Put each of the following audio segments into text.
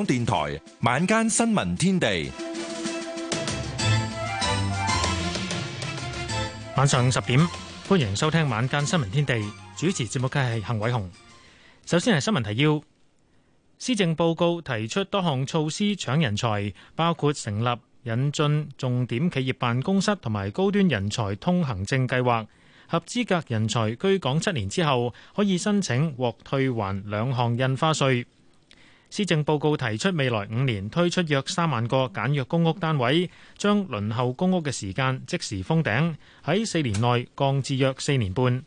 港電台晚間新聞天地，晚上十點歡迎收聽晚間新聞天地，主持節目嘅係幸偉雄。首先係新聞提要：施政報告提出多項措施搶人才，包括成立引進重點企業辦公室同埋高端人才通行證計劃，合資格人才居港七年之後可以申請獲退還兩項印花稅。施政報告提出，未來五年推出約三萬個簡約公屋單位，將輪候公屋嘅時間即時封頂，喺四年內降至約四年半。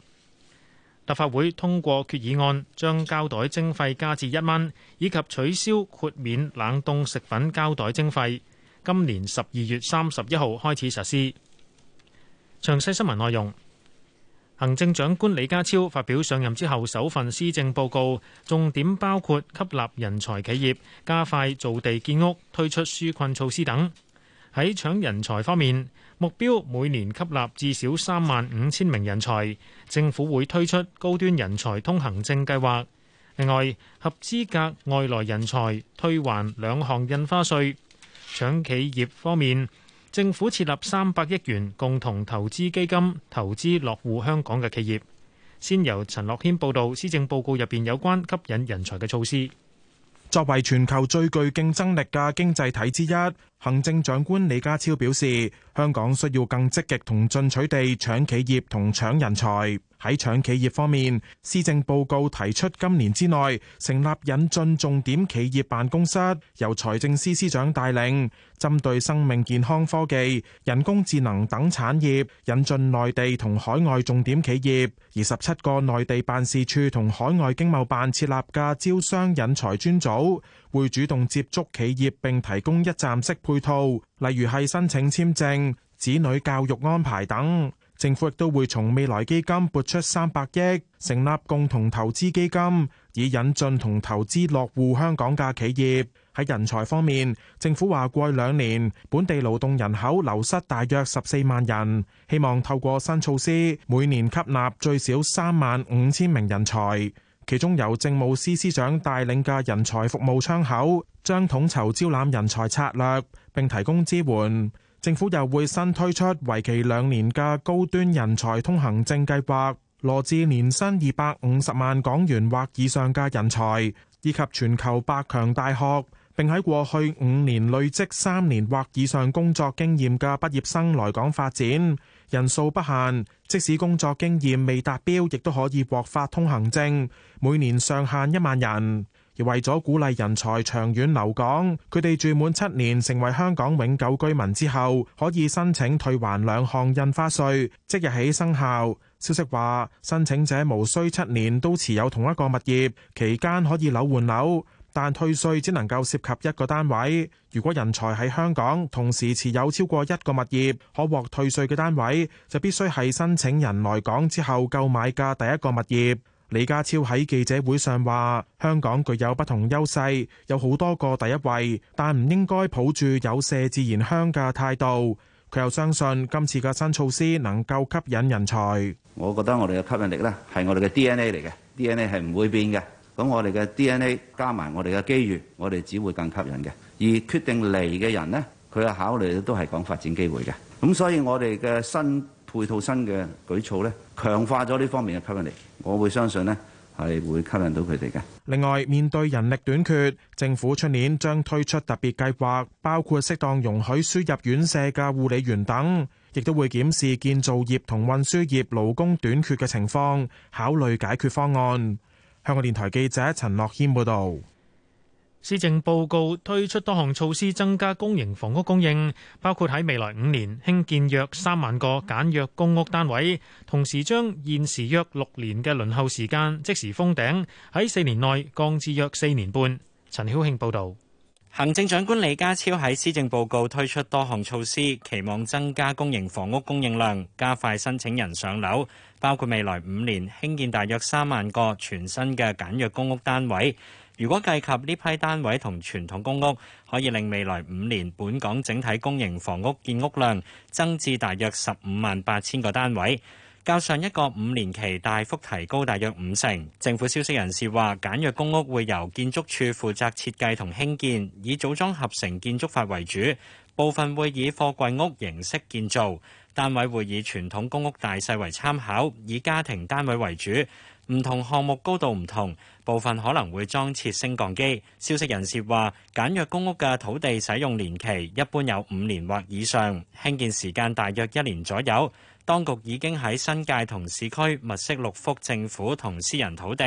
立法會通過決議案，將膠袋徵費加至一蚊，以及取消豁免冷凍食品膠袋徵費，今年十二月三十一號開始實施。詳細新聞內容。行政長官李家超發表上任之後首份施政報告，重點包括吸納人才企業、加快造地建屋、推出紓困措施等。喺搶人才方面，目標每年吸納至少三萬五千名人才，政府會推出高端人才通行證計劃。另外，合資格外來人才退還兩項印花稅。搶企業方面。政府設立三百億元共同投資基金，投資落戶香港嘅企業。先由陳樂軒報導施政報告入面有關吸引人才嘅措施。作為全球最具競爭力嘅經濟體之一。行政長官李家超表示，香港需要更積極同進取地搶企業同搶人才。喺搶企業方面，施政報告提出今年之內成立引進重點企業辦公室，由財政司司長帶領，針對生命健康科技、人工智能等產業引進內地同海外重點企業。二十七個內地辦事處同海外經貿辦設立嘅招商引才專組。會主動接觸企業，並提供一站式配套，例如係申請簽證、子女教育安排等。政府亦都會從未來基金撥出三百億，成立共同投資基金，以引進同投資落戶香港嘅企業。喺人才方面，政府話過去兩年本地勞動人口流失大約十四萬人，希望透過新措施，每年吸納最少三萬五千名人才。其中由政務司司長帶領嘅人才服務窗口，將統籌招攬人才策略，並提供支援。政府又會新推出為期兩年嘅高端人才通行證計劃，羅致年薪二百五十萬港元或以上嘅人才，以及全球百強大學，並喺過去五年累積三年或以上工作經驗嘅畢業生來港發展，人數不限。即使工作經驗未達標，亦都可以獲發通行證。每年上限一萬人，而為咗鼓勵人才長遠留港，佢哋住滿七年成為香港永久居民之後，可以申請退還兩項印花稅，即日起生效。消息話，申請者無需七年都持有同一個物業，期間可以樓換樓，但退稅只能夠涉及一個單位。如果人才喺香港同時持有超過一個物業，可獲退稅嘅單位就必須係申請人來港之後購買嘅第一個物業。李家超喺記者會上話，香港具有不同優勢，有好多個第一位，但唔應該抱住有麝自然香嘅態度。佢又相信今次嘅新措施能夠吸引人才。我覺得我哋嘅吸引力呢係我哋嘅 DNA 嚟嘅，DNA 係唔會變嘅。咁我哋嘅 DNA 加埋我哋嘅機遇，我哋只會更吸引嘅。而決定嚟嘅人呢，佢嘅考慮咧都係講發展機會嘅。咁所以我哋嘅新配套新嘅舉措咧，強化咗呢方面嘅吸引力，我會相信呢，係會吸引到佢哋嘅。另外，面對人力短缺，政府出年將推出特別計劃，包括適當容許輸入院舍嘅護理員等，亦都會檢視建造業同運輸業勞工短缺嘅情況，考慮解決方案。香港電台記者陳樂謙報道。施政報告推出多項措施，增加公營房屋供應，包括喺未來五年興建約三萬個簡約公屋單位，同時將現時約六年嘅輪候時間即時封頂，喺四年內降至約四年半。陳曉慶報導。行政長官李家超喺施政報告推出多項措施，期望增加公營房屋供應量，加快申請人上樓，包括未來五年興建大約三萬個全新嘅簡約公屋單位。如果計及呢批單位同傳統公屋，可以令未來五年本港整體公營房屋建屋量增至大約十五萬八千個單位，較上一個五年期大幅提高大約五成。政府消息人士話，簡約公屋會由建築署負責設計同興建，以組裝合成建築法為主，部分會以貨櫃屋形式建造。單位會以傳統公屋大細為參考，以家庭單位為主。唔同項目高度唔同。部分可能會裝設升降機。消息人士話，簡約公屋嘅土地使用年期一般有五年或以上，興建時間大約一年左右。當局已經喺新界同市區物色六幅政府同私人土地，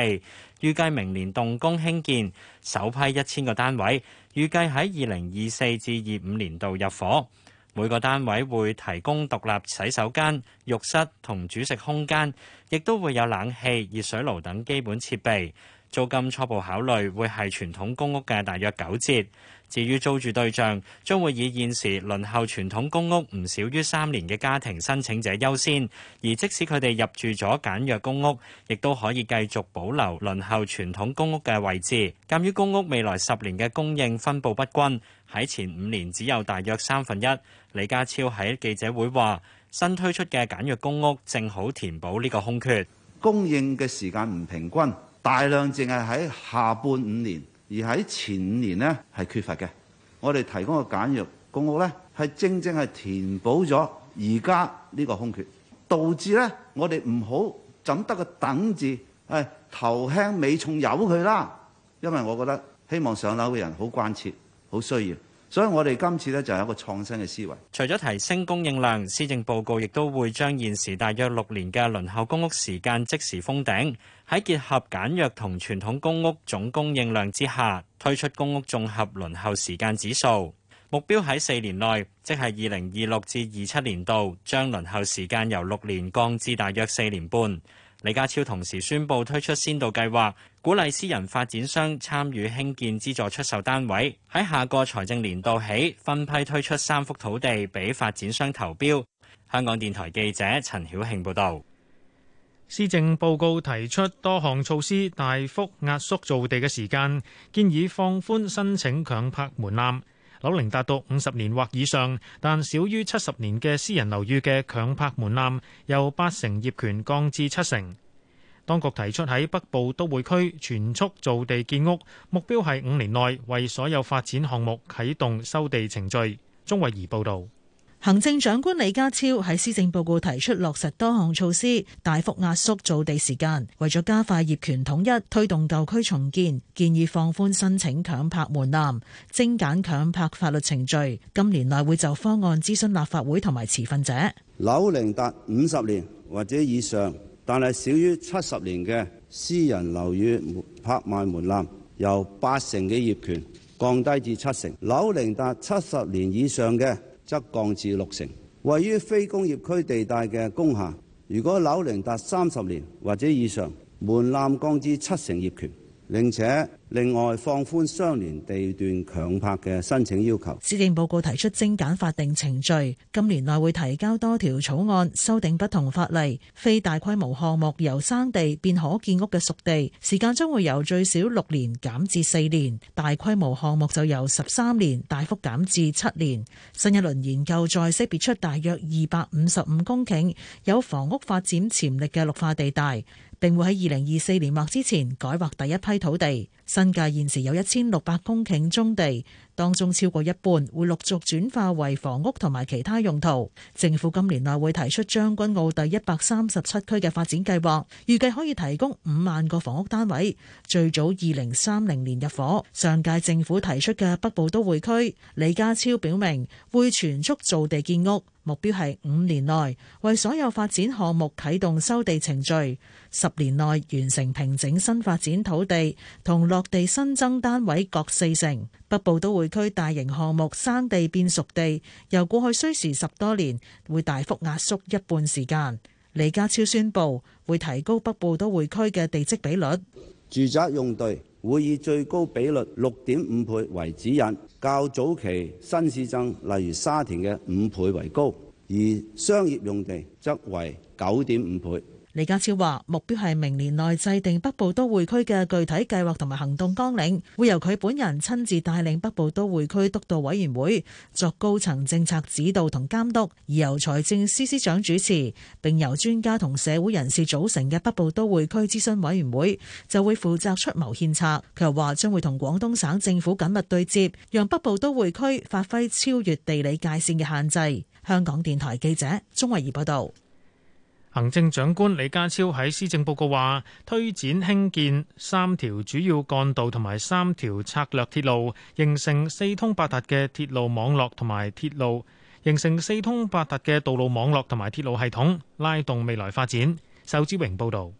預計明年動工興建首批一千個單位，預計喺二零二四至二五年度入伙。每個單位會提供獨立洗手間、浴室同煮食空間，亦都會有冷氣、熱水爐等基本設備。租金初步考慮會係傳統公屋嘅大約九折。至於租住對象，將會以現時輪候傳統公屋唔少於三年嘅家庭申請者優先。而即使佢哋入住咗簡約公屋，亦都可以繼續保留輪候傳統公屋嘅位置。鑑於公屋未來十年嘅供應分佈不均，喺前五年只有大約三分一。李家超喺記者會話：新推出嘅簡約公屋正好填補呢個空缺。供應嘅時間唔平均。大量淨係喺下半五年，而喺前五年呢係缺乏嘅。我哋提供個簡約公屋呢係正正係填補咗而家呢個空缺，導致呢我哋唔好怎得個等字，係、哎、頭輕尾重有佢啦。因為我覺得希望上樓嘅人好關切，好需要。所以我哋今次咧就係一個創新嘅思維。除咗提升供應量，施政報告亦都會將現時大約六年嘅輪候公屋時間即時封頂，喺結合簡約同傳統公屋總供應量之下，推出公屋綜合輪候時間指數，目標喺四年內，即係二零二六至二七年度，將輪候時間由六年降至大約四年半。李家超同時宣布推出先導計劃。鼓勵私人發展商參與興建資助出售單位。喺下個財政年度起，分批推出三幅土地俾發展商投標。香港電台記者陳曉慶報道。施政報告提出多項措施，大幅壓縮造地嘅時間，建議放寬申請強拍門檻。樓齡達到五十年或以上，但少於七十年嘅私人樓宇嘅強拍門檻，由八成業權降至七成。當局提出喺北部都會區全速造地建屋，目標係五年內為所有發展項目啟動收地程序。鍾慧儀報導。行政長官李家超喺施政報告提出落實多項措施，大幅壓縮造地時間，為咗加快業權統一，推動舊區重建，建議放寬申請強拍門檻，精簡強拍法律程序。今年內會就方案諮詢立法會同埋持份者。樓齡達五十年或者以上，但係少於七十年嘅私人樓宇拍賣門檻由八成嘅業權降低至七成，樓齡達七十年以上嘅則降至六成。位於非工業區地帶嘅工廈，如果樓齡達三十年或者以上，門檻降至七成業權，並且。另外，放寬相連地段強拍嘅申請要求。施政報告提出精簡法定程序，今年內會提交多條草案修訂不同法例。非大規模項目由生地變可建屋嘅熟地，時間將會由最少六年減至四年；大規模項目就由十三年大幅減至七年。新一輪研究再識別出大約二百五十五公頃有房屋發展潛力嘅綠化地帶，並會喺二零二四年或之前改劃第一批土地。新界現時有一千六百公頃棕地。當中超過一半會陸續轉化為房屋同埋其他用途。政府今年內會提出將軍澳第一百三十七區嘅發展計劃，預計可以提供五萬個房屋單位，最早二零三零年入伙。上屆政府提出嘅北部都會區，李家超表明會全速造地建屋，目標係五年內為所有發展項目啟動收地程序，十年內完成平整新發展土地同落地新增單位各四成。北部都會區大型項目生地變熟地，由過去需時十多年，會大幅壓縮一半時間。李家超宣布會提高北部都會區嘅地積比率，住宅用地會以最高比率六點五倍為指引，較早期新市鎮，例如沙田嘅五倍為高，而商業用地則為九點五倍。李家超話：目標係明年內制定北部都會區嘅具體計劃同埋行動綱領，會由佢本人親自帶領北部都會區督導委員會作高層政策指導同監督，而由財政司司長主持，並由專家同社會人士組成嘅北部都會區諮詢委員會就會負責出謀獻策。佢又話將會同廣東省政府緊密對接，讓北部都會區發揮超越地理界線嘅限制。香港電台記者鍾慧儀報道。行政長官李家超喺施政報告話：推展興建三條主要幹道同埋三條策略鐵路，形成四通八達嘅鐵路網絡同埋鐵路，形成四通八達嘅道路網絡同埋鐵路系統，拉動未來發展。仇志榮報導。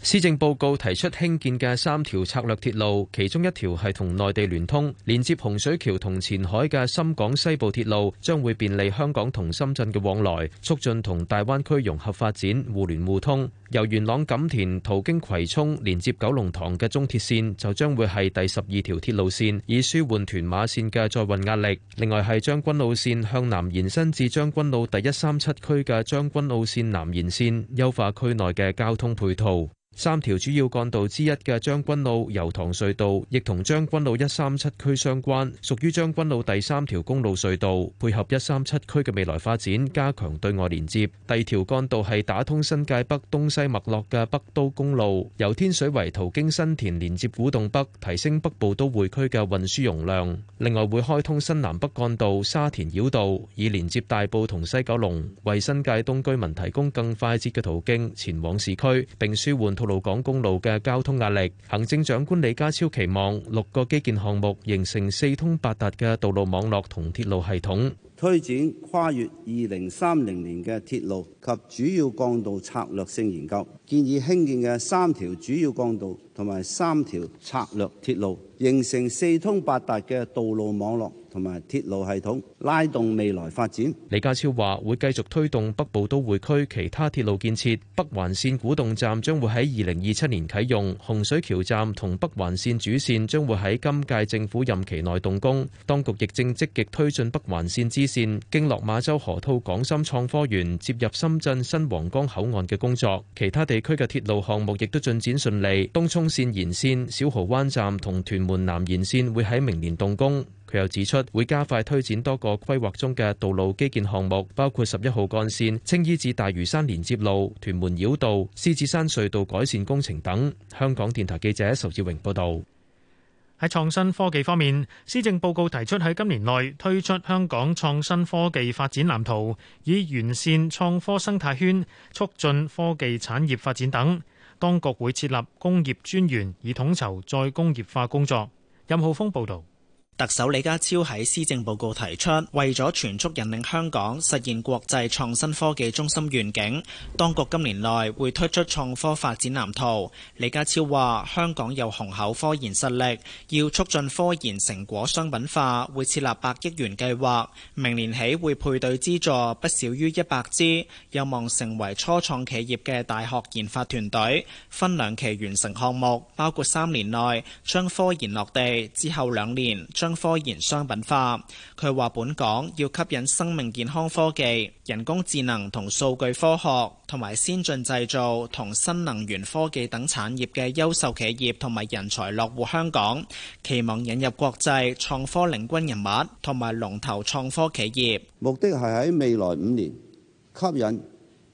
施政報告提出興建嘅三條策略鐵路，其中一條係同內地聯通，連接洪水橋同前海嘅深港西部鐵路，將會便利香港同深圳嘅往來，促進同大灣區融合發展、互聯互通。由元朗錦田途經葵涌，連接九龍塘嘅中鐵綫，就將會係第十二條鐵路綫，以舒緩屯馬綫嘅載運壓力。另外係將軍澳綫向南延伸至將軍澳第一三七區嘅將軍澳綫南延綫，優化區內嘅交通配套。三條主要幹道之一嘅將軍澳油塘隧道，亦同將軍澳一三七區相關，屬於將軍澳第三條公路隧道。配合一三七區嘅未來發展，加強對外連接。第二條幹道係打通新界北東西脈絡嘅北都公路，由天水圍途經新田，連接古洞北，提升北部都會區嘅運輸容量。另外會開通新南北幹道沙田繞道，以連接大埔同西九龍，為新界東居民提供更快捷嘅途徑前往市區，並舒緩路港公路嘅交通壓力，行政長官李家超期望六個基建項目形成四通八達嘅道路網絡同鐵路系統，推展跨越二零三零年嘅鐵路及主要幹道策略性研究，建議興建嘅三條主要幹道。同埋三條策略鐵路，形成四通八達嘅道路網絡同埋鐵路系統，拉動未來發展。李家超話會繼續推動北部都會區其他鐵路建設，北環線古洞站將會喺二零二七年啟用，洪水橋站同北環線主線將會喺今屆政府任期內動工。當局亦正積極推進北環線支線經落馬洲河套港深創科園接入深圳新皇崗口岸嘅工作。其他地區嘅鐵路項目亦都進展順利，東涌線沿線小蠔灣站同屯門南延線會喺明年動工。佢又指出，會加快推展多個規劃中嘅道路基建項目，包括十一號幹線、青衣至大嶼山連接路、屯門繞道、獅子山隧道改善工程等。香港電台記者仇志榮報道。喺創新科技方面，施政報告提出喺今年內推出香港創新科技發展藍圖，以完善創科生態圈，促進科技產業發展等。當局會設立工業專員，以統籌再工業化工作。任浩峰報導。特首李家超喺施政報告提出，為咗全速引領香港實現國際創新科技中心願景，當局今年內會推出創科發展藍圖。李家超話，香港有雄厚科研實力，要促進科研成果商品化，會設立百億元計劃。明年起會配對資助不少於一百支，有望成為初創企業嘅大學研發團隊，分兩期完成項目，包括三年內將科研落地，之後兩年將。科研商品化，佢話本港要吸引生命健康科技、人工智能同數據科學，同埋先進製造同新能源科技等產業嘅優秀企業同埋人才落戶香港，期望引入國際創科領軍人物同埋龍頭創科企業。目的係喺未來五年吸引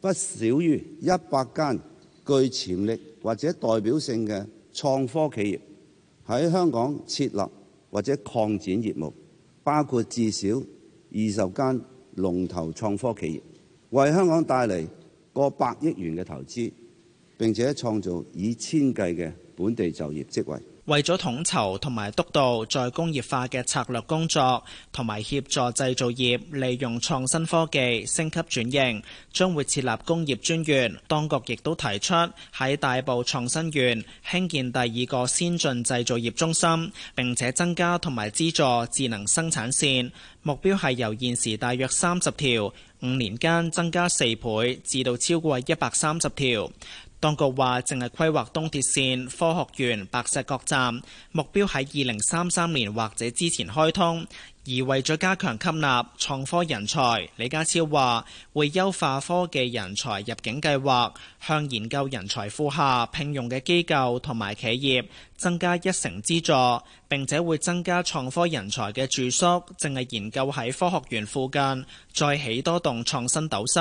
不少於一百間具潛力或者代表性嘅創科企業喺香港設立。或者擴展業務，包括至少二十間龍頭創科企業，為香港帶來過百億元嘅投資，並且創造以千計嘅本地就業職位。為咗統籌同埋督導再工業化嘅策略工作，同埋協助製造業利用創新科技升級轉型，將會設立工業專員。當局亦都提出喺大埔創新園興建第二個先進製造業中心，並且增加同埋資助智能生產線。目標係由現時大約三十條，五年間增加四倍，至到超過一百三十條。當局話，淨係規劃東鐵線、科學園、白石角站，目標喺二零三三年或者之前開通。而為咗加強吸納創科人才，李家超話會優化科技人才入境計劃，向研究人才庫下聘用嘅機構同埋企業增加一成資助，並且會增加創科人才嘅住宿，淨係研究喺科學園附近，再起多棟創新斗室。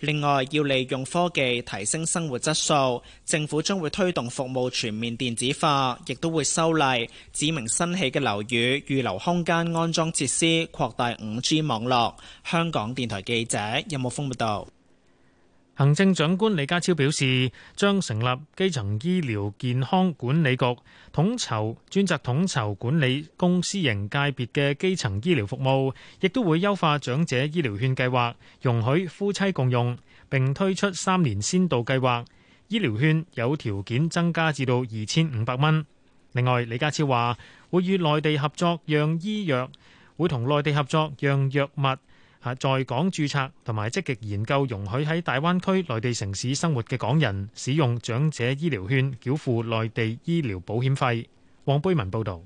另外，要利用科技提升生活質素，政府將會推動服務全面電子化，亦都會修例指明新起嘅樓宇預留空間安裝設施，擴大五 G 網絡。香港電台記者任木峯報道。行政長官李家超表示，將成立基層醫療健康管理局，統籌專責統籌管理公私營界別嘅基層醫療服務，亦都會優化長者醫療券計劃，容許夫妻共用，並推出三年先導計劃，醫療券有條件增加至到二千五百蚊。另外，李家超話會與內地合作，讓醫藥會同內地合作，讓藥物在港註冊，同埋積極研究容許喺大灣區內地城市生活嘅港人使用長者醫療券繳付內地醫療保險費。黃貝文報導。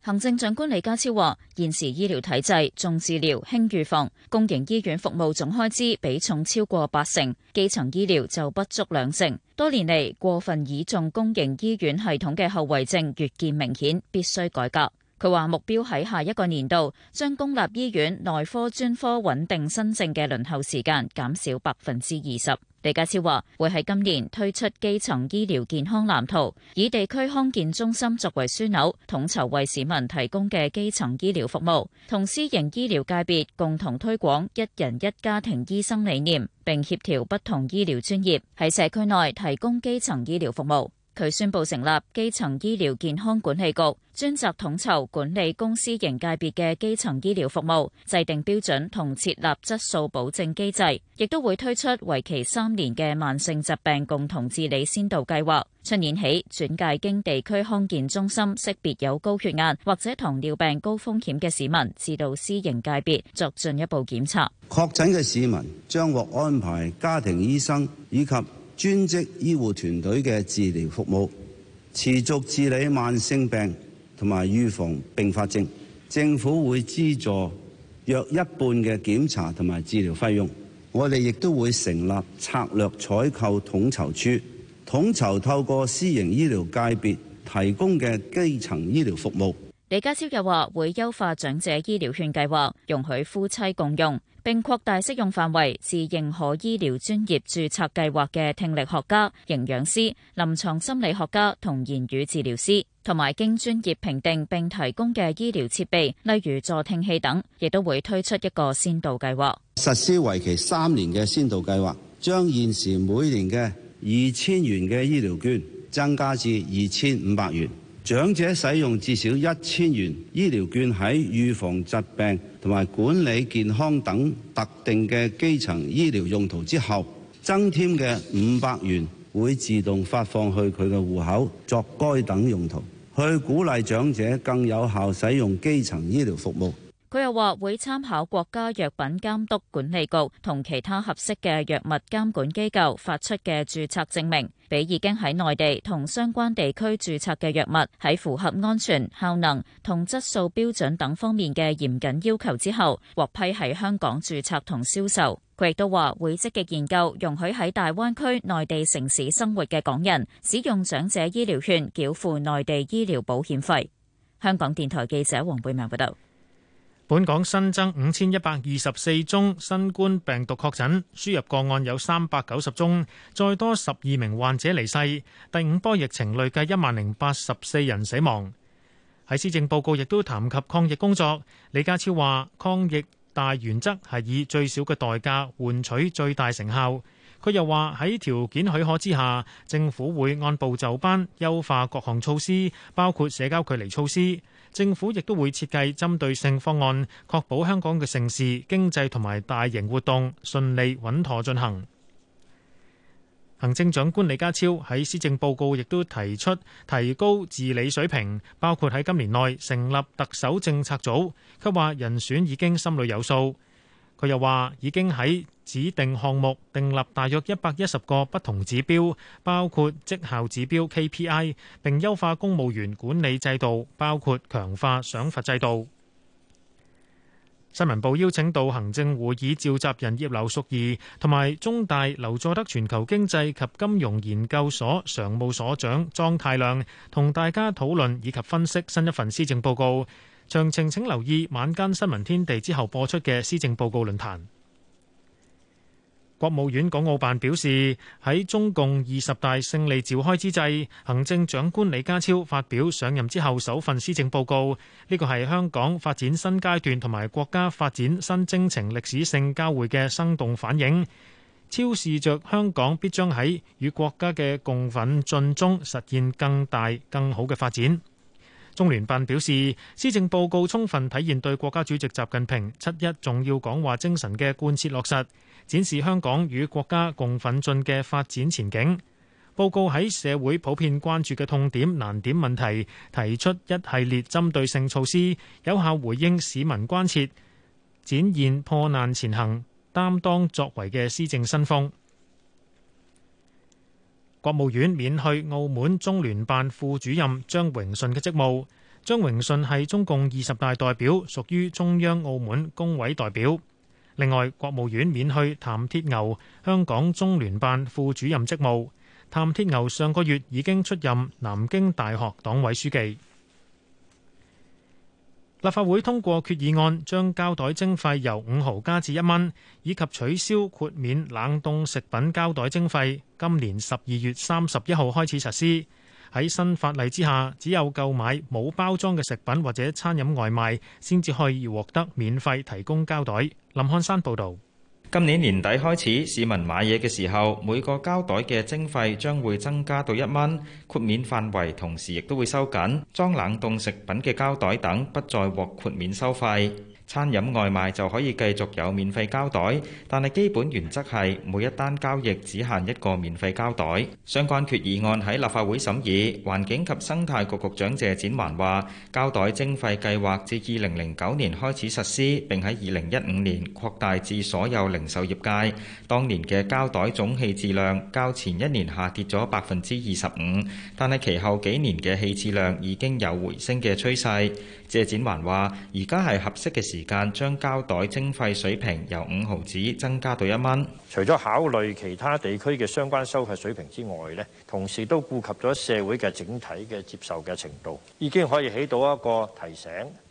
行政長官李家超話：現時醫療體制重治療輕預防，公營醫院服務總開支比重超過八成，基層醫療就不足兩成。多年嚟過分倚重公營醫院系統嘅後遺症越見明顯，必須改革。佢話目標喺下一個年度將公立醫院內科專科穩定新症嘅輪候時間減少百分之二十。李家超話會喺今年推出基層醫療健康藍圖，以地區康健中心作為樞紐，統籌為市民提供嘅基層醫療服務，同私營醫療界別共同推廣一人一家庭醫生理念，並協調不同醫療專業喺社區內提供基層醫療服務。佢宣佈成立基層醫療健康管理局，專責統籌管理公司型界別嘅基層醫療服務，制定標準同設立質素保證機制，亦都會推出為期三年嘅慢性疾病共同治理先導計劃。出年起，轉介經地區康健中心識別有高血壓或者糖尿病高風險嘅市民，至到私營界別作進一步檢查。確診嘅市民將獲安排家庭醫生以及專職醫護團隊嘅治療服務，持續治理慢性病同埋預防併發症。政府會資助約一半嘅檢查同埋治療費用。我哋亦都會成立策略採購統籌處，統籌透過私營醫療界別提供嘅基層醫療服務。李家超又話會優化長者醫療券計劃，容許夫妻共用，並擴大適用範圍，自認可醫療專業註冊計劃嘅聽力學家、營養師、臨床心理學家同言語治療師，同埋經專業評定並提供嘅醫療設備，例如助聽器等，亦都會推出一個先導計劃。實施為期三年嘅先導計劃，將現時每年嘅二千元嘅醫療券增加至二千五百元。長者使用至少一千元醫療券，喺預防疾病同埋管理健康等特定嘅基層醫療用途之後，增添嘅五百元會自動發放去佢嘅戶口，作該等用途，去鼓勵長者更有效使用基層醫療服務。佢又話會參考國家藥品監督管理局同其他合適嘅藥物監管機構發出嘅註冊證明，俾已經喺內地同相關地區註冊嘅藥物喺符合安全、效能同質素標準等方面嘅嚴謹要求之後，獲批喺香港註冊同銷售。佢亦都話會積極研究容許喺大灣區內地城市生活嘅港人使用長者醫療券繳付內地醫療保險費。香港電台記者黃貝明報道。本港新增五千一百二十四宗新冠病毒確診，輸入個案有三百九十宗，再多十二名患者離世。第五波疫情累計一萬零八十四人死亡。喺施政報告亦都談及抗疫工作，李家超話抗疫大原則係以最少嘅代價換取最大成效。佢又話喺條件許可之下，政府會按部就班優化各項措施，包括社交距離措施。政府亦都會設計針對性方案，確保香港嘅城市經濟同埋大型活動順利穩妥進行。行政長官李家超喺施政報告亦都提出提高治理水平，包括喺今年內成立特首政策組。佢話人選已經心裏有數。佢又話：已經喺指定項目訂立大約一百一十個不同指標，包括績效指標 KPI，並優化公務員管理制度，包括強化賞罰制度。新聞部邀請到行政會議召集人葉劉淑儀，同埋中大劉佐德全球經濟及金融研究所常務所長莊太亮，同大家討論以及分析新一份施政報告。詳情請留意晚間新聞天地之後播出嘅施政報告論壇。國務院港澳辦表示，喺中共二十大勝利召開之際，行政長官李家超發表上任之後首份施政報告，呢個係香港發展新階段同埋國家發展新征程歷史性交匯嘅生動反映，昭示着香港必將喺與國家嘅共奮進中實現更大更好嘅發展。中聯辦表示，施政報告充分體現對國家主席習近平七一重要講話精神嘅貫徹落實，展示香港與國家共奮進嘅發展前景。報告喺社會普遍關注嘅痛點、難點問題，提出一系列針對性措施，有效回應市民關切，展現破難前行、擔當作為嘅施政新風。國務院免去澳門中聯辦副主任張榮順嘅職務。張榮順係中共二十大代表，屬於中央澳門工委代表。另外，國務院免去譚鐵牛香港中聯辦副主任職務。譚鐵牛上個月已經出任南京大學黨委書記。立法會通過決議案，將膠袋徵費由五毫加至一蚊，以及取消豁免冷凍食品膠袋徵費。今年十二月三十一號開始實施。喺新法例之下，只有購買冇包裝嘅食品或者餐飲外賣，先至可以獲得免費提供膠袋。林漢山報道。今年年底開始，市民買嘢嘅時候，每個膠袋嘅徵費將會增加到一蚊，豁免範圍同時亦都會收緊，裝冷凍食品嘅膠袋等不再獲豁免收費。餐飲外賣就可以繼續有免費膠袋，但係基本原則係每一單交易只限一個免費膠袋。相關決議案喺立法會審議。環境及生態局局長謝展環話：膠袋徵費計劃自二零零九年開始實施，並喺二零一五年擴大至所有零售業界。當年嘅膠袋總棄置量較前一年下跌咗百分之二十五，但係其後幾年嘅棄置量已經有回升嘅趨勢。謝展環話：而家係合適嘅時間，將膠袋徵費水平由五毫紙增加到一蚊。除咗考慮其他地區嘅相關收費水平之外咧，同時都顧及咗社會嘅整體嘅接受嘅程度，已經可以起到一個提醒。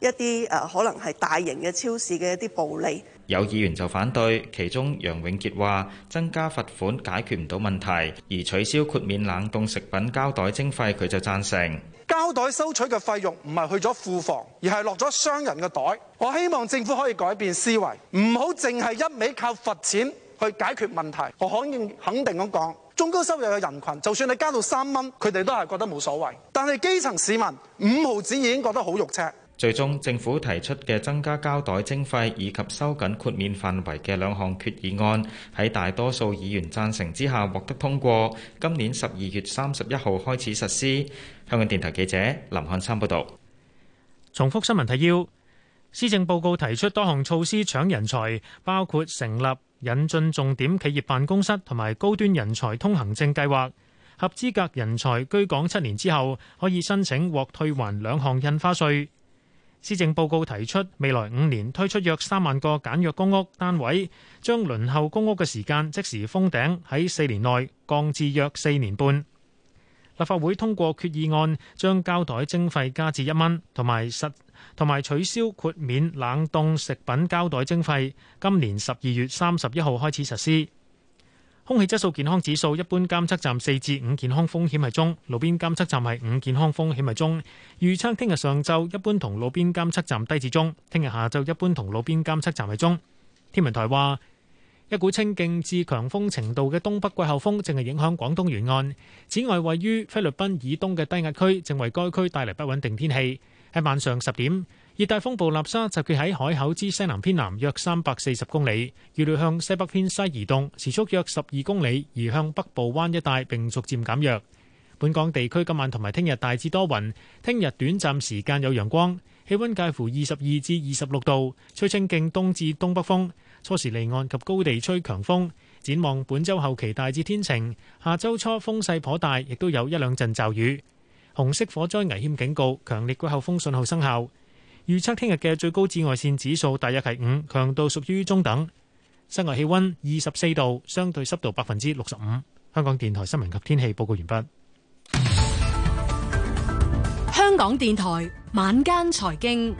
一啲誒，可能係大型嘅超市嘅一啲暴利。有議員就反對，其中楊永傑話：增加罰款解決唔到問題，而取消豁免冷凍食品膠袋徵費，佢就贊成膠袋收取嘅費用唔係去咗庫房，而係落咗商人嘅袋。我希望政府可以改變思維，唔好淨係一味靠罰錢去解決問題。我可以肯定咁講，中高收入嘅人群就算你加到三蚊，佢哋都係覺得冇所謂；但係基層市民五毫子已經覺得好肉赤。最終，政府提出嘅增加膠袋徵費以及收緊豁免範圍嘅兩項決議案，喺大多數議員贊成之下獲得通過。今年十二月三十一號開始實施。香港電台記者林漢山報導。重複新聞提要：施政報告提出多項措施搶人才，包括成立引進重點企業辦公室同埋高端人才通行證計劃，合資格人才居港七年之後可以申請獲退還兩項印花稅。施政報告提出，未來五年推出約三萬個簡約公屋單位，將輪候公屋嘅時間即時封頂，喺四年內降至約四年半。立法會通過決議案，將膠袋徵費加至一蚊，同埋實同埋取消豁免冷凍食品膠袋徵費，今年十二月三十一號開始實施。空氣質素健康指數一般監測站四至五，健康風險係中；路邊監測站係五，健康風險係中。預測聽日上晝一般同路邊監測站低至中，聽日下晝一般同路邊監測站係中。天文台話一股清勁至強風程度嘅東北季候風正係影響廣東沿岸，此外位於菲律賓以東嘅低壓區正為該區帶嚟不穩定天氣。喺晚上十點。熱帶風暴納沙集結喺海口之西南偏南約三百四十公里，預料向西北偏西移動，時速約十二公里，移向北部灣一帶，並逐漸減弱。本港地區今晚同埋聽日大致多雲，聽日短暫時間有陽光，氣溫介乎二十二至二十六度，吹清勁東至東北風，初時離岸及高地吹強風。展望本周後期大致天晴，下周初風勢頗大，亦都有一兩陣驟雨。紅色火災危險警告，強烈季候風信號生效。預測聽日嘅最高紫外線指數大約係五，強度屬於中等。室外氣溫二十四度，相對濕度百分之六十五。香港電台新聞及天氣報告完畢。香港電台晚間財經，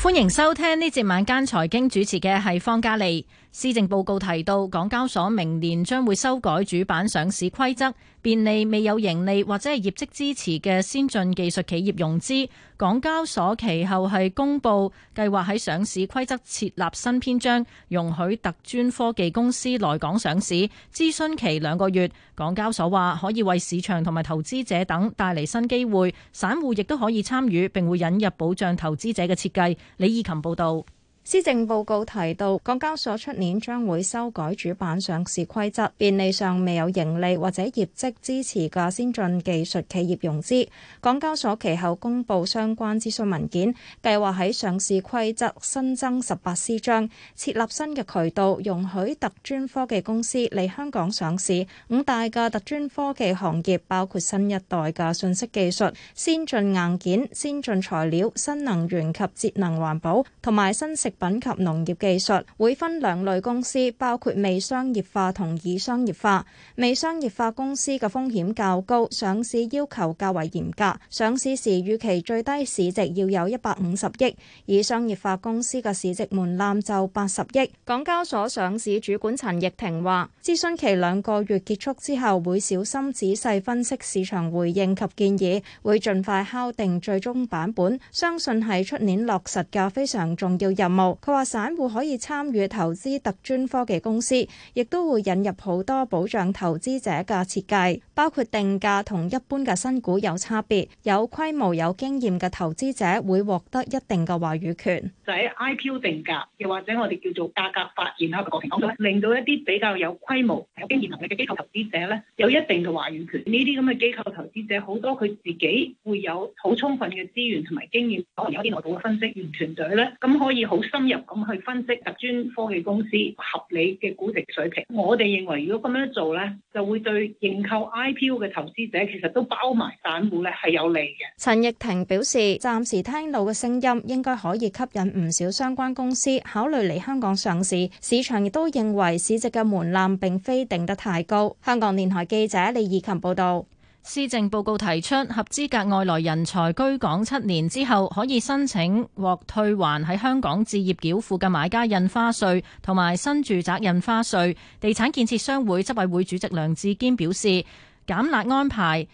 歡迎收聽呢節晚間財經，主持嘅係方嘉莉。施政報告提到，港交所明年將會修改主板上市規則，便利未有盈利或者係業績支持嘅先進技術企業融資。港交所其後係公布計劃喺上市規則設立新篇章，容許特專科技公司來港上市，諮詢期兩個月。港交所話可以為市場同埋投資者等帶嚟新機會，散戶亦都可以參與，並會引入保障投資者嘅設計。李義琴報導。施政報告提到，港交所出年將會修改主板上市規則，便利尚未有盈利或者業績支持嘅先進技術企業融資。港交所其後公布相關資訊文件，計劃喺上市規則新增十八 C 章，設立新嘅渠道，容許特專科技公司嚟香港上市。五大嘅特專科技行業包括新一代嘅信息技術、先進硬件、先進材料、新能源及節能環保同埋新食品及農業技術會分兩類公司，包括未商業化同已商業化。未商業化公司嘅風險較高，上市要求較為嚴格，上市時預期最低市值要有一百五十億；已商業化公司嘅市值門檻就八十億。港交所上市主管陳奕婷話：諮詢期兩個月結束之後，會小心仔細分析市場回應及建議，會盡快敲定最終版本。相信係出年落實嘅非常重要任務。佢話，散戶可以參與投資特專科技公司，亦都會引入好多保障投資者嘅設計，包括定價同一般嘅新股有差別。有規模、有經驗嘅投資者會獲得一定嘅話語權。就喺 IPO 定價，又或者我哋叫做價格發現啊嘅過程，令到令到一啲比較有規模、有經驗能力嘅機構投資者呢，有一定嘅話語權。呢啲咁嘅機構投資者，好多佢自己會有好充分嘅資源同埋經驗，可能有啲內部嘅分析員團隊呢，咁可以好深入咁去分析特專科技公司合理嘅估值水平，我哋認為如果咁樣做呢，就會對認購 IPO 嘅投資者其實都包埋散戶呢係有利嘅。陳奕霆表示，暫時聽到嘅聲音應該可以吸引唔少相關公司考慮嚟香港上市，市場亦都認為市值嘅門檻並非定得太高。香港電台記者李以琴報道。施政報告提出，合資格外來人才居港七年之後，可以申請獲退還喺香港置業繳付嘅買家印花稅同埋新住宅印花稅。地產建設商會執委會主席梁志堅表示，減辣安排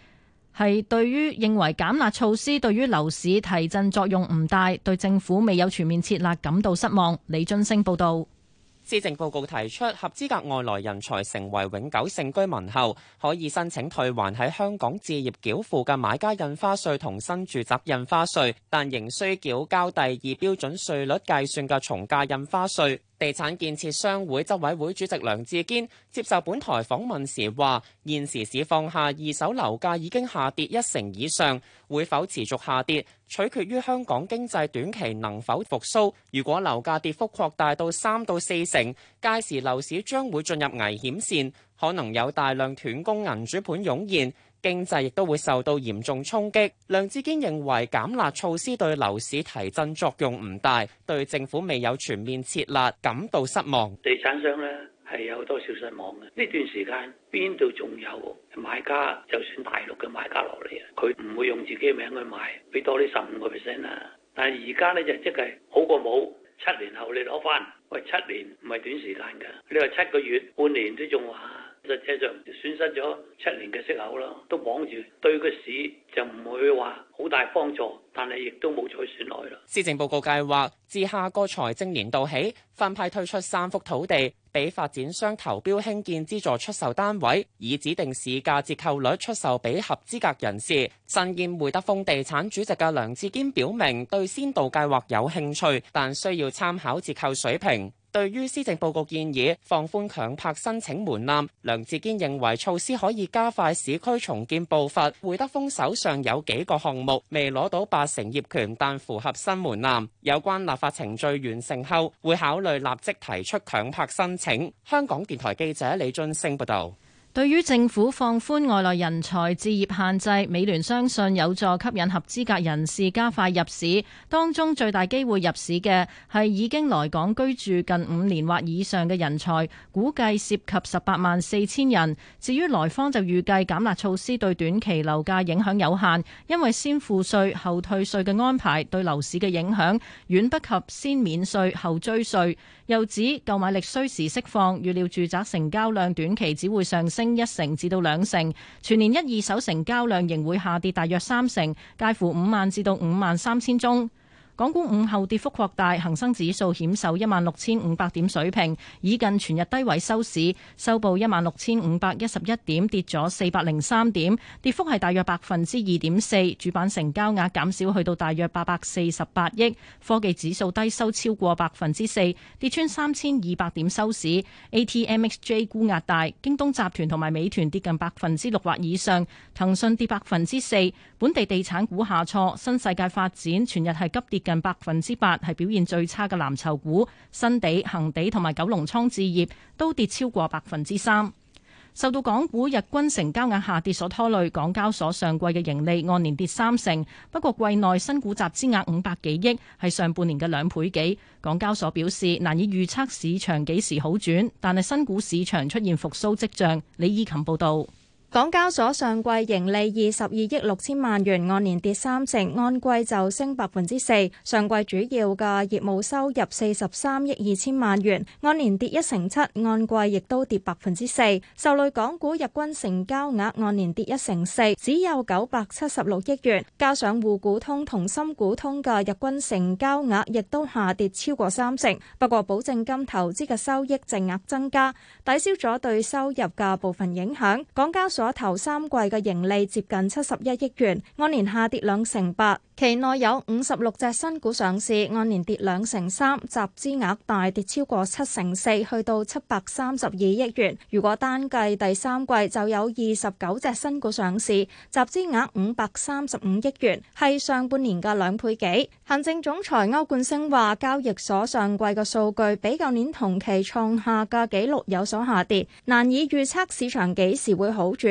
係，對於認為減辣措施對於樓市提振作用唔大，對政府未有全面設立感到失望。李津升報導。施政報告提出，合資格外來人才成為永久性居民後，可以申請退還喺香港置業繳付嘅買家印花稅同新住宅印花稅，但仍需繳交第二標準稅率計算嘅從價印花稅。地產建設商會執委會主席梁志堅接受本台訪問時話，現時市況下，二手樓價已經下跌一成以上，會否持續下跌，取決於香港經濟短期能否復蘇。如果樓價跌幅擴大到三到四成，屆時樓市將會進入危險線，可能有大量斷供銀主盤湧現。經濟亦都會受到嚴重衝擊。梁志堅認為減辣措施對樓市提振作用唔大，對政府未有全面撤辣感到失望。地產商咧係有多少失望嘅？呢段時間邊度仲有買家？就算大陸嘅買家落嚟啊，佢唔會用自己嘅名去買，俾多啲十五個 percent 啊。但係而家咧就即係好過冇。七年後你攞翻喂，七年唔係短時間㗎。你話七個月、半年都仲話。實際上損失咗七年嘅息口咯，都綁住對個市就唔會話好大幫助，但係亦都冇再損害啦。施政報告計劃自下個財政年度起，分派推出三幅土地，俾發展商投標興建，資助出售單位，以指定市價折扣率出售俾合資格人士。身兼匯德豐地產主席嘅梁志堅表明，對先導計劃有興趣，但需要參考折扣水平。對於施政報告建議放寬強拍申請門檻，梁志堅認為措施可以加快市區重建步伐。會德豐手上有幾個項目未攞到八成業權，但符合新門檻，有關立法程序完成後，會考慮立即提出強拍申請。香港電台記者李俊星報道。對於政府放寬外來人才置業限制，美聯相信有助吸引合資格人士加快入市。當中最大機會入市嘅係，已經來港居住近五年或以上嘅人才，估計涉及十八萬四千人。至於來方就預計減辣措施對短期樓價影響有限，因為先付稅後退稅嘅安排對樓市嘅影響遠不及先免稅後追稅。又指購買力需時釋放，預料住宅成交量短期只會上升一成至到兩成，全年一二手成交量仍會下跌大約三成，介乎五萬至到五萬三千宗。港股午後跌幅擴大，恆生指數險守一萬六千五百點水平，以近全日低位收市，收報一萬六千五百一十一點，跌咗四百零三點，跌幅係大約百分之二點四。主板成交額減少去到大約八百四十八億，科技指數低收超過百分之四，跌穿三千二百點收市。ATMXJ 沽壓大，京東集團同埋美團跌近百分之六或以上，騰訊跌百分之四。本地地產股下挫，新世界發展全日係急跌。近百分之八係表現最差嘅藍籌股，新地、恒地同埋九龍倉置業都跌超過百分之三。受到港股日均成交額下跌所拖累，港交所上季嘅盈利按年跌三成。不過，季內新股集資額五百幾億，係上半年嘅兩倍幾。港交所表示難以預測市場幾時好轉，但係新股市場出現復蘇迹象。李依琴報道。港交所上季盈利二十二億六千萬元，按年跌三成，按季就升百分之四。上季主要嘅業務收入四十三億二千萬元，按年跌一成七，按季亦都跌百分之四。受累港股日均成交額按年跌一成四，只有九百七十六億元，加上滬股通同深股通嘅日均成交額亦都下跌超過三成。不過保證金投資嘅收益淨額增加，抵消咗對收入嘅部分影響。港交所咗頭三季嘅盈利接近七十一億元，按年下跌兩成八。期內有五十六隻新股上市，按年跌兩成三，集資額大跌超過七成四，去到七百三十二億元。如果單計第三季，就有二十九隻新股上市，集資額五百三十五億元，係上半年嘅兩倍幾。行政總裁歐冠升話：交易所上季嘅數據比舊年同期創下嘅紀錄有所下跌，難以預測市場幾時會好轉。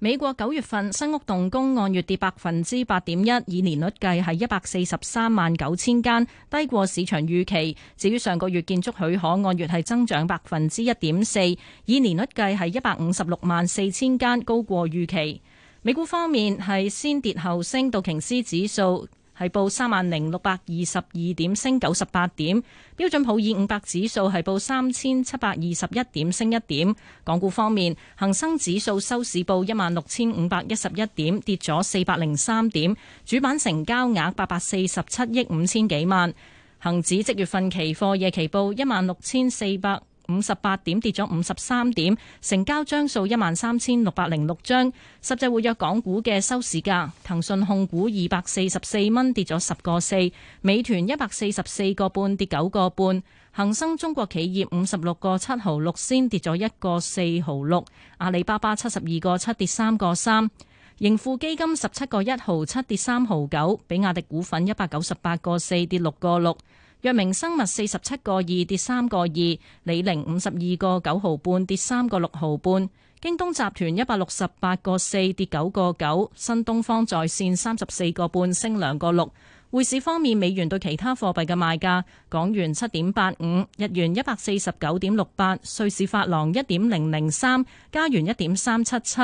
美國九月份新屋動工按月跌百分之八點一，以年率計係一百四十三萬九千間，低過市場預期。至於上個月建築許可按月係增長百分之一點四，以年率計係一百五十六萬四千間，高過預期。美股方面係先跌後升，道瓊斯指數。係報三萬零六百二十二點，升九十八點。標準普爾五百指數係報三千七百二十一點，升一點。港股方面，恒生指數收市報一萬六千五百一十一點，跌咗四百零三點。主板成交額八百四十七億五千幾萬。恒指即月份期貨夜期報一萬六千四百，五十八點，跌咗五十三點，成交張數一萬三千六百零六張。實際活躍港股嘅收市價，騰訊控股二百四十四蚊跌咗十個四，美團一百四十四個半跌九個半，恒生中國企業五十六個七毫六先跌咗一個四毫六，阿里巴巴七十二個七跌三個三，盈富基金十七個一毫七跌三毫九，比亞迪股份一百九十八個四跌六個六。藥明生物四十七個二跌三個二，李寧五十二個九毫半跌三個六毫半，京東集團一百六十八個四跌九個九，新東方在線三十四個半升兩個六。匯市方面，美元對其他貨幣嘅賣價：港元七點八五，日元一百四十九點六八，瑞士法郎一點零零三，加元一點三七七，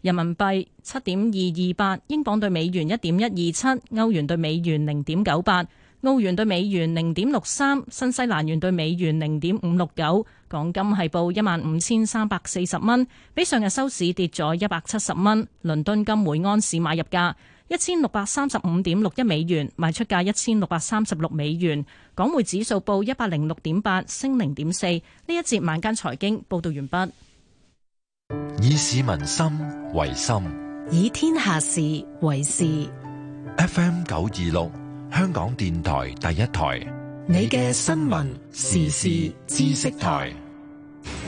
人民幣七點二二八，英鎊對美元一點一二七，歐元對美元零點九八。澳元兌美元零點六三，新西蘭元兌美元零點五六九，港金係報一萬五千三百四十蚊，比上日收市跌咗一百七十蚊。倫敦金每安士買入價一千六百三十五點六一美元，賣出價一千六百三十六美元。港匯指數報一百零六點八，升零點四。呢一節晚間財經報道完畢。以市民心為心，以天下事為事。F.M. 九二六。香港電台第一台，你嘅新聞時事知識台，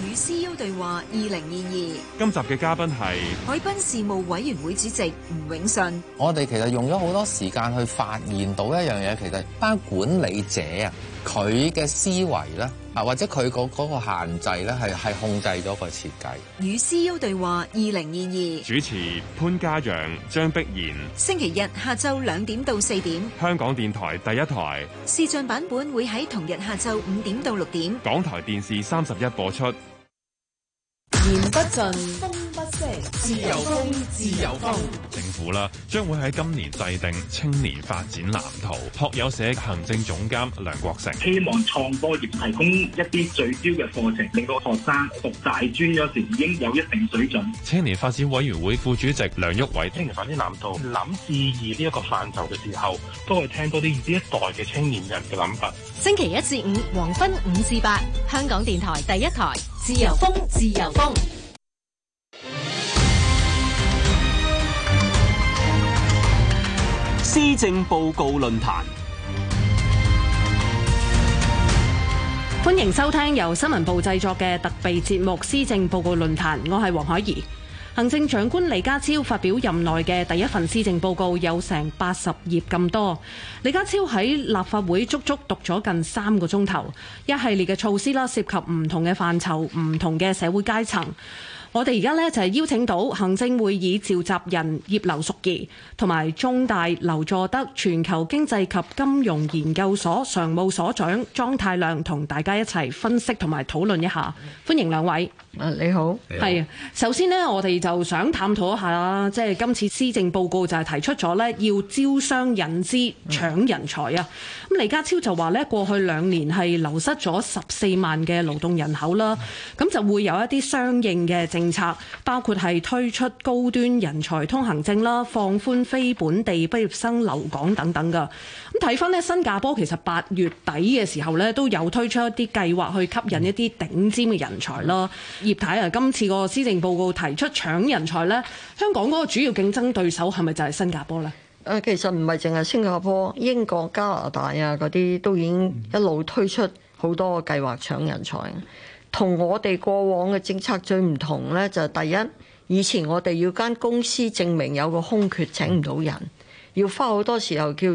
與 CEO 對話二零二二，今集嘅嘉賓係海濱事務委員會主席吳永信。我哋其實用咗好多時間去發現到一樣嘢，其實包管理者啊，佢嘅思維咧。啊，或者佢嗰個限制咧，係係控制咗個設計。與 CEO 對話二零二二，2022主持潘嘉揚、張碧然。星期日下晝兩點到四點，香港電台第一台。視像版本會喺同日下晝五點到六點，港台電視三十一播出。言不盡。自由風，自由風。政府啦，將會喺今年制定青年發展藍圖。學友社行政總監梁國成希望創科業提供一啲聚焦嘅課程，令到學生讀大專嗰時已經有一定水準。青年發展委員會副主席梁旭偉，青年發展藍圖諗事宜呢一個範疇嘅時候，都係聽多啲呢一代嘅青年人嘅諗法。星期一至五黃昏五至八，香港電台第一台，自由風，自由風。施政報告論壇，歡迎收聽由新聞部製作嘅特備節目《施政報告論壇》。我係黃海怡，行政長官李家超發表任內嘅第一份施政報告，有成八十頁咁多。李家超喺立法會足足讀咗近三個鐘頭，一系列嘅措施啦，涉及唔同嘅範疇、唔同嘅社會階層。我哋而家咧就係邀請到行政會議召集人葉劉淑儀同埋中大劉佐德全球經濟及金融研究所常務所長莊太量，同大家一齊分析同埋討論一下。歡迎兩位。你好。係啊，首先咧，我哋就想探討一下啦，即係今次施政報告就係提出咗咧，要招商引資搶人才啊。咁李、嗯、家超就話咧，過去兩年係流失咗十四萬嘅勞動人口啦，咁、嗯、就會有一啲相應嘅政政策包括係推出高端人才通行證啦，放寬非本地畢業生留港等等嘅。咁睇翻呢，新加坡其實八月底嘅時候呢，都有推出一啲計劃去吸引一啲頂尖嘅人才啦。的葉太啊，今次個施政報告提出搶人才呢，香港嗰個主要競爭對手係咪就係新加坡呢？誒，其實唔係淨係新加坡，英國、加拿大啊嗰啲都已經一路推出好多計劃搶人才。同我哋過往嘅政策最唔同呢，就第一以前我哋要間公司證明有個空缺請唔到人，要花好多時候叫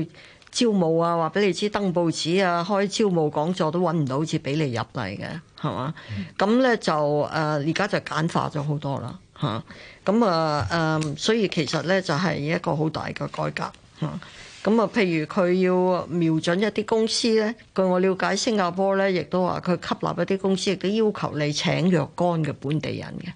招募啊，話俾你知登報紙啊，開招募講座都揾唔到，好似俾你入嚟嘅係嘛咁呢，就誒而家就簡化咗好多啦，嚇，咁啊誒，所以其實呢，就係一個好大嘅改革嚇。咁啊，譬如佢要瞄準一啲公司咧，據我了解，新加坡咧亦都話，佢吸納一啲公司亦都要求你請若干嘅本地人嘅，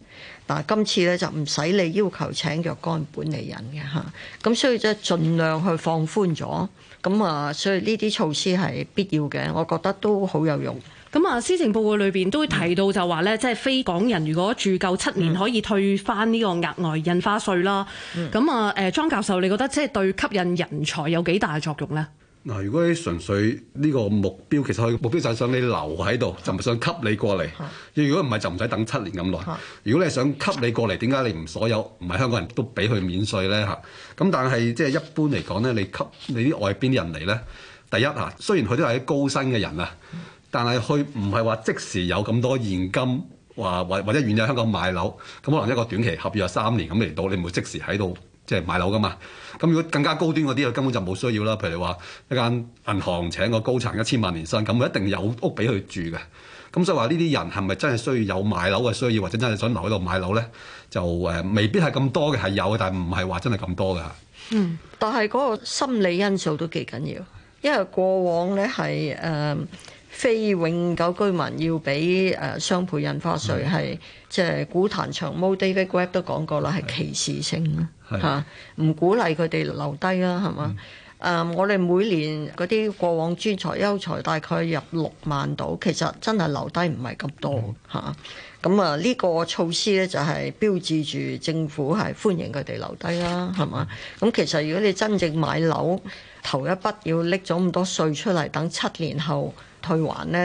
但係今次咧就唔使你要求請若干本地人嘅吓。咁所以即係盡量去放寬咗，咁啊，所以呢啲措施係必要嘅，我覺得都好有用。咁啊，施政報告裏邊都會提到就話咧，即係非港人如果住夠七年可以退翻呢個額外印花稅啦。咁、嗯、啊，誒莊教授，你覺得即係對吸引人才有幾大作用咧？嗱，如果你純粹呢個目標，其實佢目標就係想你留喺度，就唔想吸你過嚟。如果唔係，就唔使等七年咁耐。如果你係想吸你過嚟，點解你唔所有唔係香港人都俾佢免稅咧？嚇、啊、咁，但係即係一般嚟講咧，你吸你啲外邊啲人嚟咧，第一嚇，雖然佢都係啲高薪嘅人啊。但係佢唔係話即時有咁多現金，話或或者願意喺香港買樓咁，可能一個短期合約三年咁嚟到，你唔會即時喺度即係買樓噶嘛？咁如果更加高端嗰啲，佢根本就冇需要啦。譬如話一間銀行請個高層一千萬年薪，咁佢一定有屋俾佢住嘅。咁所以話呢啲人係咪真係需要有買樓嘅需要，或者真係想留喺度買樓咧？就誒，未必係咁多嘅係有嘅，但係唔係話真係咁多嘅。嗯，但係嗰個心理因素都幾緊要，因為過往咧係誒。Uh, 非永久居民要俾誒雙倍印花稅，係即係股壇長毛 David Webb 都講過啦，係歧視性啦嚇，唔的鼓勵佢哋留低啦，係嘛？誒、嗯，uh, 我哋每年嗰啲過往專才優才大概入六萬度，其實真係留低唔係咁多嚇。咁啊、嗯，呢個措施咧就係標誌住政府係歡迎佢哋留低啦，係嘛？咁、嗯、其實如果你真正買樓頭一筆，要拎咗咁多稅出嚟，等七年後。退還咧。